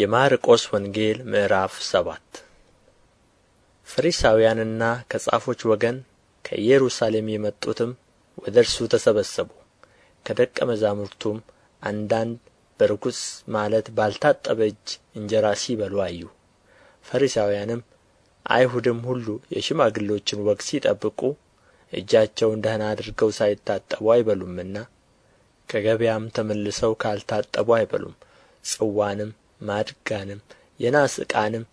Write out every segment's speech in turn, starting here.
የማርቆስ ወንጌል ምዕራፍ ሰባት ፈሪሳውያንና ከጻፎች ወገን ከኢየሩሳሌም የመጡትም ወደ እርሱ ተሰበሰቡ። ከደቀ መዛሙርቱም አንዳንድ በርኩስ ማለት ባልታጠበ እጅ እንጀራ ሲበሉ አዩ። ፈሪሳውያንም አይሁድም ሁሉ የሽማግሎችን ወግ ሲጠብቁ እጃቸውን ደህና አድርገው ሳይታጠቡ አይበሉምና ከገበያም ተመልሰው ካልታጠቡ አይበሉም። ጽዋንም ማድጋንም የናስ ዕቃንም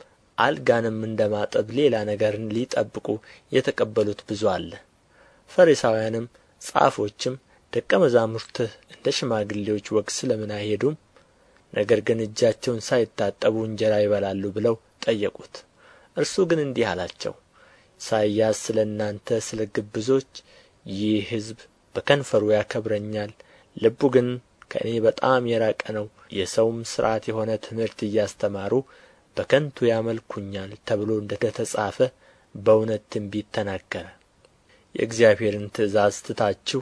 አልጋንም እንደ ማጠብ ሌላ ነገርን ሊጠብቁ የተቀበሉት ብዙ አለ ፈሪሳውያንም ጻፎችም ደቀ መዛሙርትህ እንደ ሽማግሌዎች ወግ ስለ ምን አይሄዱም ነገር ግን እጃቸውን ሳይታጠቡ እንጀራ ይበላሉ ብለው ጠየቁት እርሱ ግን እንዲህ አላቸው ኢሳይያስ ስለ እናንተ ስለ ግብዞች ይህ ሕዝብ በከንፈሩ ያከብረኛል ልቡ ግን ከእኔ በጣም የራቀ ነው የሰውም ሥርዓት የሆነ ትምህርት እያስተማሩ በከንቱ ያመልኩኛል ተብሎ እንደ ተጻፈ በእውነት ትንቢት ተናገረ የእግዚአብሔርን ትእዛዝ ትታችሁ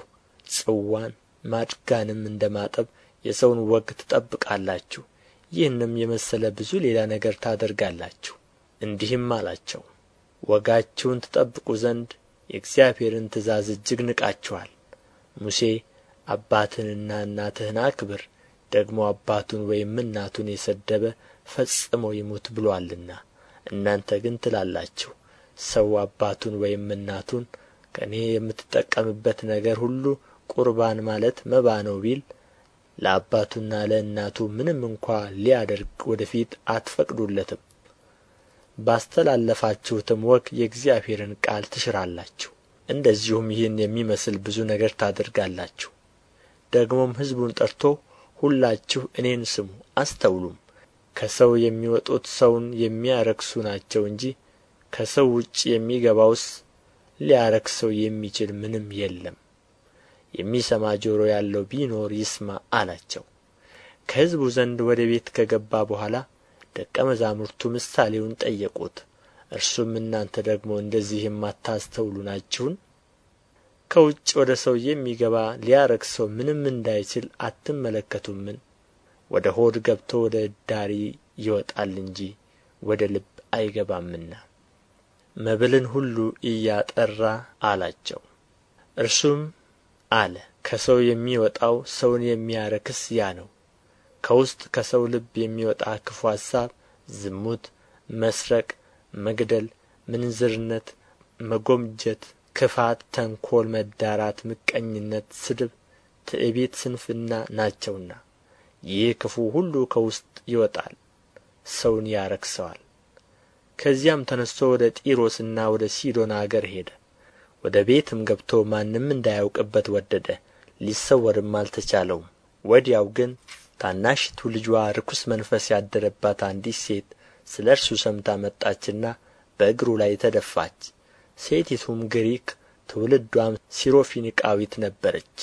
ጽዋን ማድጋንም እንደ ማጠብ የሰውን ወግ ትጠብቃላችሁ ይህንም የመሰለ ብዙ ሌላ ነገር ታደርጋላችሁ እንዲህም አላቸው ወጋችሁን ትጠብቁ ዘንድ የእግዚአብሔርን ትእዛዝ እጅግ ንቃችኋል ሙሴ አባትንና እናትህን አክብር ደግሞ አባቱን ወይም እናቱን የሰደበ ፈጽሞ ይሙት ብሎአልና እናንተ ግን ትላላችሁ ሰው አባቱን ወይም እናቱን ከእኔ የምትጠቀምበት ነገር ሁሉ ቁርባን ማለት መባ ነው ቢል ለአባቱና ለእናቱ ምንም እንኳ ሊያደርግ ወደፊት አትፈቅዱለትም ባስተላለፋችሁትም ወግ የእግዚአብሔርን ቃል ትሽራላችሁ እንደዚሁም ይህን የሚመስል ብዙ ነገር ታደርጋላችሁ ደግሞም ሕዝቡን ጠርቶ ሁላችሁ እኔን ስሙ አስተውሉም ከሰው የሚወጡት ሰውን የሚያረክሱ ናቸው እንጂ ከሰው ውጭ የሚገባውስ ሊያረክሰው የሚችል ምንም የለም የሚሰማ ጆሮ ያለው ቢኖር ይስማ አላቸው ከሕዝቡ ዘንድ ወደ ቤት ከገባ በኋላ ደቀ መዛሙርቱ ምሳሌውን ጠየቁት እርሱም እናንተ ደግሞ እንደዚህ የማታስተውሉ ናችሁን ከውጭ ወደ ሰው የሚገባ ሊያረክሰው ምንም እንዳይችል አትመለከቱምን ወደ ሆድ ገብቶ ወደ እዳሪ ይወጣል እንጂ ወደ ልብ አይገባምና መብልን ሁሉ እያጠራ አላቸው እርሱም አለ ከሰው የሚወጣው ሰውን የሚያረክስ ያ ነው ከውስጥ ከሰው ልብ የሚወጣ ክፉ ሐሳብ ዝሙት መስረቅ መግደል ምንዝርነት መጎምጀት ክፋት ተንኮል መዳራት ምቀኝነት ስድብ ትዕቢት ስንፍና ናቸውና ይህ ክፉ ሁሉ ከውስጥ ይወጣል ሰውን ያረክሰዋል ከዚያም ተነስቶ ወደ ጢሮስና ወደ ሲዶን አገር ሄደ ወደ ቤትም ገብቶ ማንም እንዳያውቅበት ወደደ ሊሰወርም አልተቻለውም ወዲያው ግን ታናሽቱ ልጇ ርኩስ መንፈስ ያደረባት አንዲት ሴት ስለ እርሱ ሰምታ መጣችና በእግሩ ላይ ተደፋች ሴቲቱም ግሪክ ትውልዷም ሲሮፊኒቃዊት ነበረች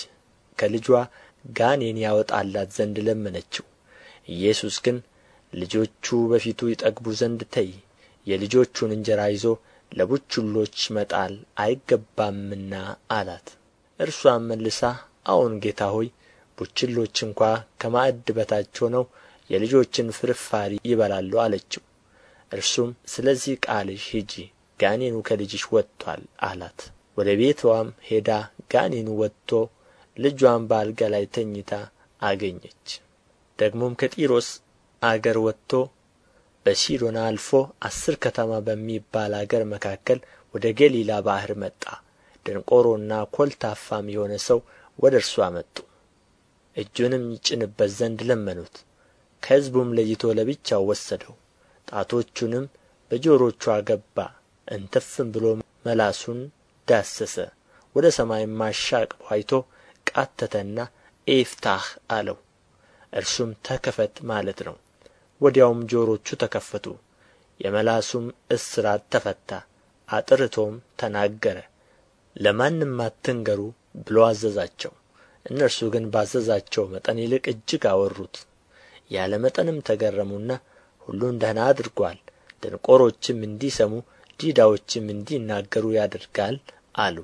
ከልጇ ጋኔን ያወጣላት ዘንድ ለመነችው ኢየሱስ ግን ልጆቹ በፊቱ ይጠግቡ ዘንድ ተይ የልጆቹን እንጀራ ይዞ ለቡችሎች መጣል አይገባምና አላት እርሷም መልሳ አዎን ጌታ ሆይ ቡችሎች እንኳ ከማዕድ በታች ሆነው የልጆችን ፍርፋሪ ይበላሉ አለችው እርሱም ስለዚህ ቃልሽ ሂጂ ጋኔኑ ከልጅሽ ወጥቶአል አላት ወደ ቤትዋም ሄዳ ጋኔኑ ወጥቶ ልጇን በአልጋ ላይ ተኝታ አገኘች ደግሞም ከጢሮስ አገር ወጥቶ በሲዶና አልፎ አስር ከተማ በሚባል አገር መካከል ወደ ገሊላ ባሕር መጣ ደንቆሮና ኮልታፋም የሆነ ሰው ወደ እርሱ አመጡ እጁንም ይጭንበት ዘንድ ለመኑት ከሕዝቡም ለይቶ ለብቻው ወሰደው ጣቶቹንም በጆሮቹ አገባ እንትፍም ብሎ መላሱን ዳሰሰ ወደ ሰማይም አሻቅቦ አይቶ ቃተተና ኤፍታህ አለው እርሱም ተከፈት ማለት ነው ወዲያውም ጆሮቹ ተከፈቱ የመላሱም እስራት ተፈታ አጥርቶም ተናገረ ለማንም አትንገሩ ብሎ አዘዛቸው እነርሱ ግን ባዘዛቸው መጠን ይልቅ እጅግ አወሩት ያለ መጠንም ተገረሙና ሁሉን ደህና አድርጓል ደንቆሮችም እንዲሰሙ ዲዳዎችም እንዲናገሩ ያደርጋል አሉ